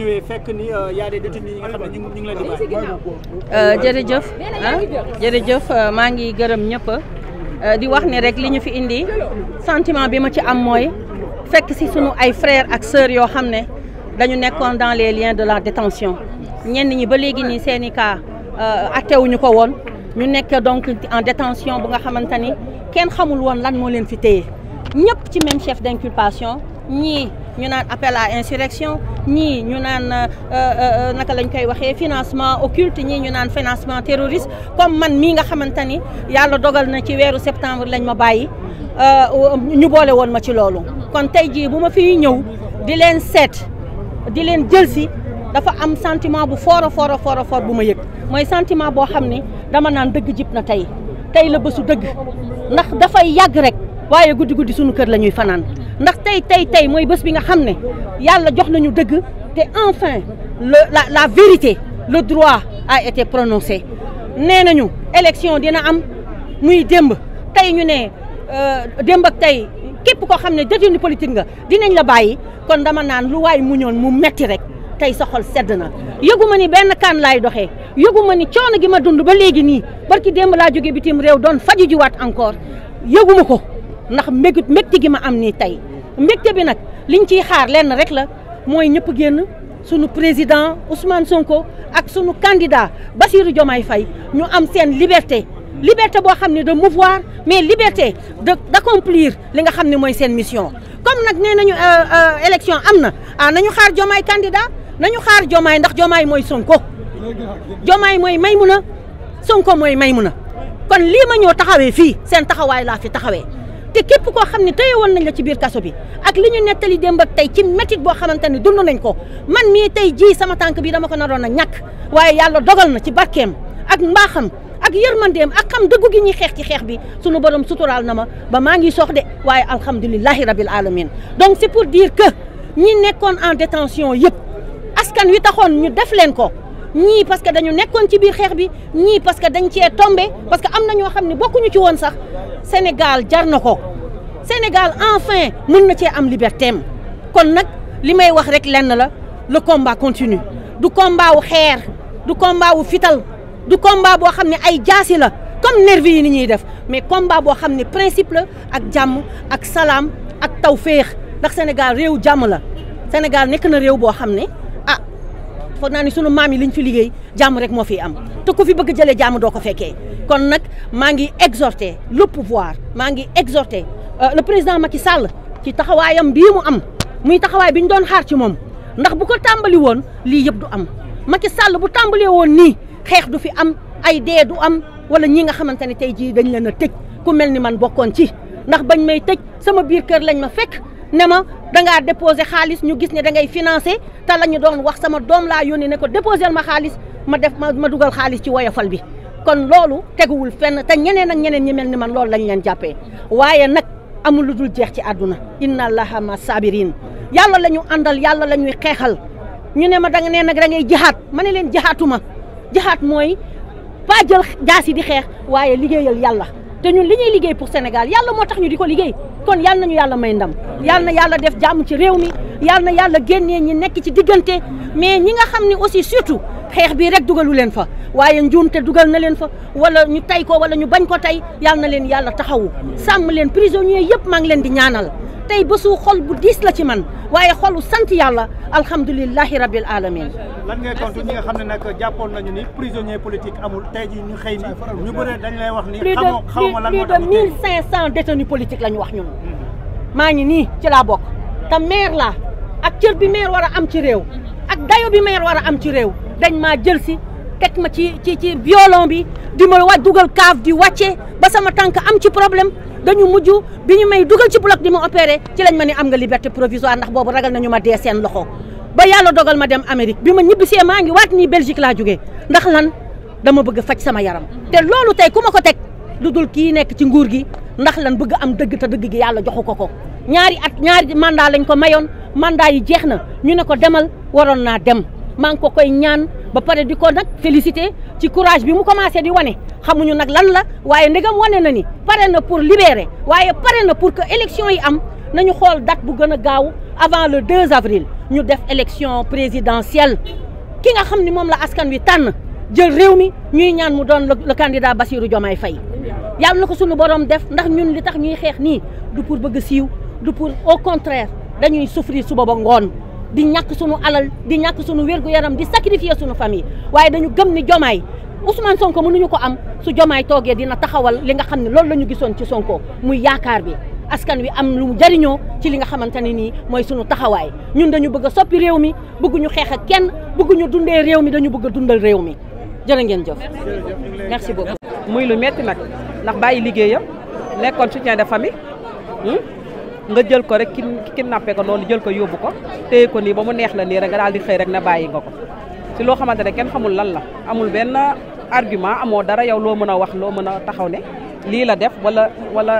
ñëwee fekk ni euh, y a des détenus yi nga xam euh, jërëjëf ah jërëjëf euh, maa ngi gërëm ñëpp di wax ni rek li ñu fi indi sentiment bi ma ci am mooy fekk si sunu ay frères ak sœurs yoo xam ne dañu nekkoon dans les liens de la détention ñenn ñi ba léegi nii seen i cas attewuñu ko woon ñu nekk donc en détention bu nga xamante ni kenn xamul woon lan moo leen fi téye ñëpp ci même chef d'inculpation ñii. ñu naan appel à insurrection ñii ñu naan euh, euh, euh, naka lañ koy waxee financement occulte ñii ñu naan financement terroriste comme man mii nga xamante ni yàlla dogal na ci weeru septembre lañ ma bàyyi ñu boole woon ma ci loolu. kon tey jii bu ma fiy ñëw di leen seet di leen jël si dafa am sentiment bu fort a fort a fort a bu ma yëg mooy sentiment boo xam ni dama naan dëgg jib na tey tey la bésu dëgg ndax dafay yàgg rek waaye guddi guddi sunu kër la ñuy fanaan. ndax tey tey tey mooy bés bi nga xam ne yàlla jox nañu dëgg te enfin le la la vérité le droit a été prononcé nee nañu élection dina am muy démb tey ñu ne euh, démb ak tey képp koo xam ne détenu politique nga dinañ la bàyyi kon dama naan lu waay mu ñoon mu metti rek tey sa xol sedd na yëgu ma ni benn kaan laay doxee yëgu ma ni coono gi ma dund ba léegi nii barki démb laa jóge bitim réew doon faju jiwaat encore yëguma ko ndax mbégut mbégte gi ma am nii tey mbégte bi nag liñ ciy xaar lenn rek la mooy ñëpp génn sunu président Ousmane Sonko ak sunu ba Bassirou Diomaye fay ñu am seen liberté liberté boo xam ne de mouvoir mais liberté de d'accomplir li nga xam ne mooy seen mission comme nag nee nañu euh, euh, élection am na ah nañu xaar Diomaye candidat nañu xaar Diomaye ndax Diomaye mooy Sonko Diomaye mooy may Maymuna Sonko mooy na kon lii ma ñoo taxawee fii seen taxawaay laa fi taxawee te képp koo xam ne teye woon nañ la ci biir kaso bi ak li ñu nettali démb ak tey ci métit boo xamante ne dund nañ ko man mi tey jii sama tànk bi dama ko naroon a ñàkk waaye yàlla dogal na ci barkeem ak mbaaxam ak yërmandeem ak xam dëggu gi ñuy xeex ci xeex bi sunu borom suturaal na ma ba maa ngi soox de waaye alhamdulilahi rabil alamin donc c'est pour dire que ñi nekkoon en détention yëpp askan wi taxoon ñu def leen ko ñii parce que dañu nekkoon ci biir xeex bi ñii parce que dañ cee tombé parce que am na ñoo xam ne bokkuñu ci woon sax Sénégal jar na ko Sénégal enfin mën na cee am liberté am kon nag li may wax rek lenn la le combat continue du combat wu xeer du combat wu fital du combat boo xam ne ay jaasi la comme nervi ni ñuy def mais combat boo xam ne principe la ak jàmm ak salaam ak tawféex ndax Sénégal réew jàmm la Sénégal nekk na réew boo xam ne foog naa ni sunu maam yi liñ fi liggéey jàmm rek moo fiy am te ku fi bëgg jëlee jàmm doo ko fekkee kon nag maa ngi exhorter le pouvoir maa ngi exhorter euh, le président Macky sàll ci taxawaayam bii mu am muy taxawaay bi ñu doon xaar ci moom ndax bu ko tàmbali woon lii yëpp du am Macky sàll bu tàmbalee woon nii xeex du fi am ay dee du am wala ñi nga xamante ne tey jii dañ leen a tëj ku mel ni man bokkoon ci ndax bañ may tëj sama biir kër lañ ma fekk ne ma dangaa déposé xaalis ñu gis ne dangay ngay financé te la ñu doon wax sama doom laa yónnee ne ko déposé ma xaalis ma def ma dugal xaalis ci woyofal bi kon loolu teguwul fenn te ñeneen ak ñeneen ñi mel ni man loolu lañu leen jàppee waaye nag amul lu dul jeex ci àdduna inna allaha ma sabirin yàlla la ñu àndal yàlla la ñuy xeexal ñu ne ma danga nga ne nag da ngay jihaat ma ne leen jihaatuma jihaat mooy pas jël jaasi di xeex waaye liggéeyal yàlla te ñu li ñuy liggéey pour Sénégal yàlla moo tax ñu di ko liggéey kon yal nañu yàlla may ndam yal na yàlla def jàmm ci réew mi yal na yàlla génnee ñi nekk ci diggante mais ñi nga xam ne aussi surtout xeex bii rek dugalu leen fa waaye njuumte dugal na leen fa wala ñu tay ko wala ñu bañ ko tey yal na leen yàlla taxawu sàmm leen prisonniers yëpp maa ngi leen di ñaanal tey bésu xol bu diis la ci man waaye xolu sant yàlla alhamdulilahi rabil alamin lan ngay tontu ñi nga xam ne nag jàppoon nañu ni prisonnier politique amul tey ji ñu xëy ni ñu bëre dañ lay wax ni xamoo xawma lan moo tax plus de mille cinq cent détenus politiques la ñu wax ñun mhm. maa ngi nii ci laa bokk te maire laa ak cër bi maire war a am ci réew ak dayo bi maire war a am ci réew dañ maa jël si teg ma ci ci ci violon bi di ma wa dugal kaaf di wàcce ba sama tànk am ci problème dañu mujj bi ñu may dugal ci bloc di ma opéré ci lañ ma ni am nga liberté provisoire ndax boobu ragal nañu ma dee seen loxo ba yàlla dogal ma dem Amérique bi ma ñibbisee maa ngi waat nii Belgique laa jógee ndax lan dama bëgg faj sama yaram te loolu tey ku ma ko teg lu dul kii nekk ci nguur gi ndax lan bëgg am dëgg te dëgg gi yàlla joxu ko ko ñaari at ñaari mandat lañ ko mayoon mandat yi jeex na ñu ne ko demal waroon naa dem maa ngi ko koy ñaan ba pare di ko nag félicité ci courage bi mu commencé di wane xamuñu nag lan la waaye ndegam wane na ni pare na pour libérer waaye pare na pour que élection yi am nañu xool date bu gën a gaaw avant le 2 avril ñu def élection présidentielle ki nga xam ni moom la askan wi tànn jël réew mi ñuy ñaan mu doon le candidat Bassirou Diomaye fay yàlla na ko suñu borom def ndax ñun li tax ñuy xeex nii du pour bëgg siiw du pour au contraire dañuy souffrir suba ba ngoon di ñàkk suñu alal di ñàkk suñu wér-gu-yaram di sacrifier suñu famille waaye dañu gëm ni jomaay Ousmane Sonko mënuñu ko am su jomaay toogee dina taxawal li nga xam ne loolu la ñu gisoon ci sonkoo muy yaakaar bi askan wi am lu mu jëriñoo ci li nga xamante ne nii mooy sunu taxawaay ñun dañu bëgg a soppi réew mi bëgguñu xeex ak kenn bëgguñu dundee réew mi dañu bëgg a dundal réew mi jërë ngeen jëf. merci beaucoup. muy lu metti nag ndax bàyyi liggéeyam nekkoon soutien de famille. Hmm? nga jël ko rek ki kidnappé ko noonu jël ko yóbbu ko téye ko nii ba mu neex la nii rek nga daal di xëy rek ne bàyyi nga ko si loo xamante ne kenn xamul lan la amul benn argument amoo dara yow loo mën a wax loo mën a taxaw ne lii la def wala wala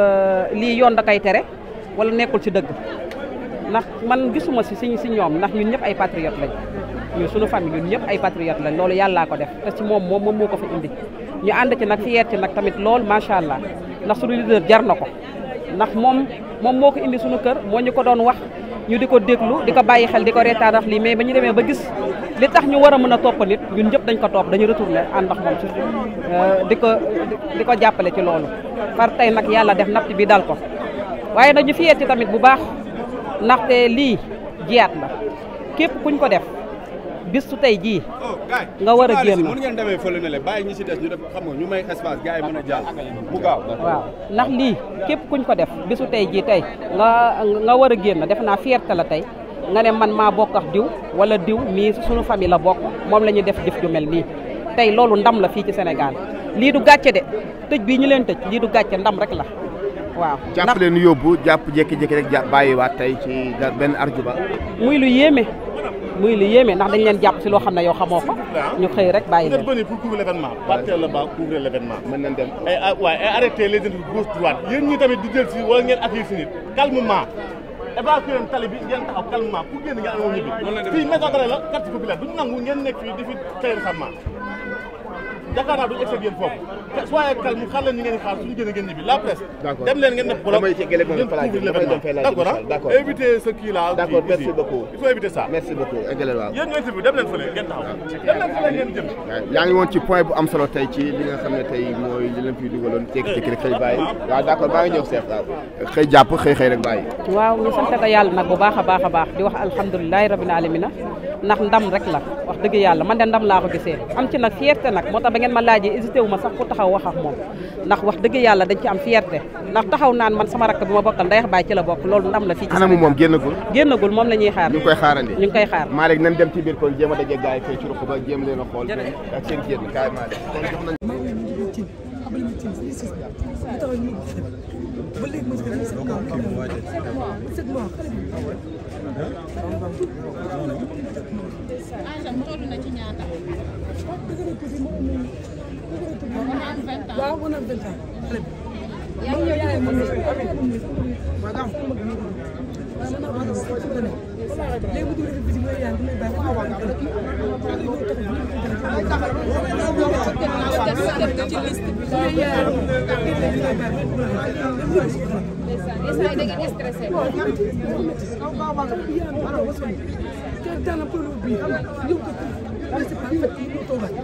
euh, lii yoon da koy tere wala nekkul ci dëgg ndax man gisuma si si si ñoom ndax ñun ñëpp ay patriote lañ ñun sunu famille ñun ñëpp ay patriote lañ loolu yàllaa ko def te ci moom moom moom moo ko fa indi ñu ànd ci nag fi yeet nag tamit lool macha allah ndax suñu na ko moom moo ko indi suñu kër moo ñu ko doon wax ñu di ko déglu di ko bàyyi xel di ko reetaan ndax lii mais ba ñu demee ba gis li tax ñu war a mën a topp nit ñun ñëpp dañ ko topp dañu retourné ànd ak moom euh, di ko di ko jàppale ci loolu far tey nag yàlla def natt bi dal ko waaye nag ñu fiyeeti tamit bu baax ndaxte lii jiyaat la képp kuñ ko def bis su tey jii. Oh, nga war a génn mën ngeen demee fële ne la bàyyi ñi si des ñu def xam nga ñu a bu gaaw. waaw ndax lii képp kuñ ko def bisu tey jii tey nga nga war a génn def naa fierté la tey nga ne man maa bokk ak diw wala diw mii suñu famille la bokk moom la ñuy def jëf du mel nii. tey loolu ndam la fii ci Sénégal lii du gàcce de tëj bii ñu leen tëj lii du gàcce ndam rek la. waaw jàpp leen yóbbu jàpp jékki-jékki rek bàyyiwaat tey ci benn arjuba muy lu yéeme. muy lu yéeme ndax dañ leen jàpp si loo xam ne yow xamoo ko ñu xëy rek bàyyi leen bëri pour couvrir l'événement partir là-bas couvrir l'événement mën nañ dem eh, ay ah, waaye ay eh, arrêté les individus gauche droite yéen ñi tamit di jël si wala ngeen accueillir si nit calmement évacué leen tali bi ngeen taxaw calmement pour génn ngeen amoo ñibbi fii maison d'arrêt la quartier populaire duñ nangu ngeen nekk fii di fi tayal sàmma yaakaar naa duñ yéen foofu soyez calme xaar leen ñu ngeen xaar suñu gën a gën ñibbi la presse. d'accord éviter ce qui là. d'accord merci beaucoup il faut éviter ça. ngi woon ci point bu am solo tey ci li nga xam ne tey mooy li leen fi dugaloon jékki-jékki rek xëy bàyyi eh, eh. waaw d'accord maa ngi ñëw seet waaw xëy jàpp xëy xëy rek bàyyi. waaw ñu sant ko yàlla nag bu baax a baax a baax di wax alhamdulilahi rabbil alamin ndax ndam rek la wax dëgg yàlla man de ndam laa ko gisee am ci nag fierté nag moo tax ngeen ma laajee hésité wu sax pour taxaw taxaw wax moom ndax wax dëgg yàlla dañ ci am fierté ndax taxaw naan man sama rakk bi ma bokkal ndeyax baay ci la bokk loolu ndam la fii ci anamu moom génnagul génnagul moom la ñuy xaar ñu ngi koy xaarandi ñu ngi koy xaar maa léegi nañ dem ci biir kon jéem a daje gaay fay ci ruq a xool ma waaw mën na vingt ans xale bi. yaa ngi yaay mën na waaw léegi bu dugalee bitim réew yaa ngi lay bàyyi waaw waaw waaw waaw waaw waaw waaw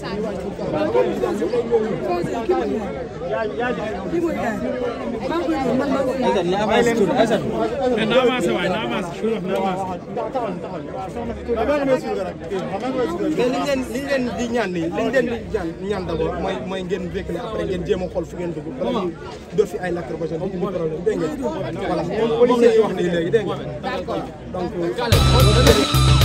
mais liñ leen liñ leen di ñaan nii liñ leen di ñaan ñaan d'abord mooy mooy ngeen fekk ne après ngeen jéem a xool fu ngeen dugg. bala ñuy def fi ay lacrymogène di indi problème dégg ngeen. voilà ñoom policiers yi wax nii léegi dégg ngeen. donc.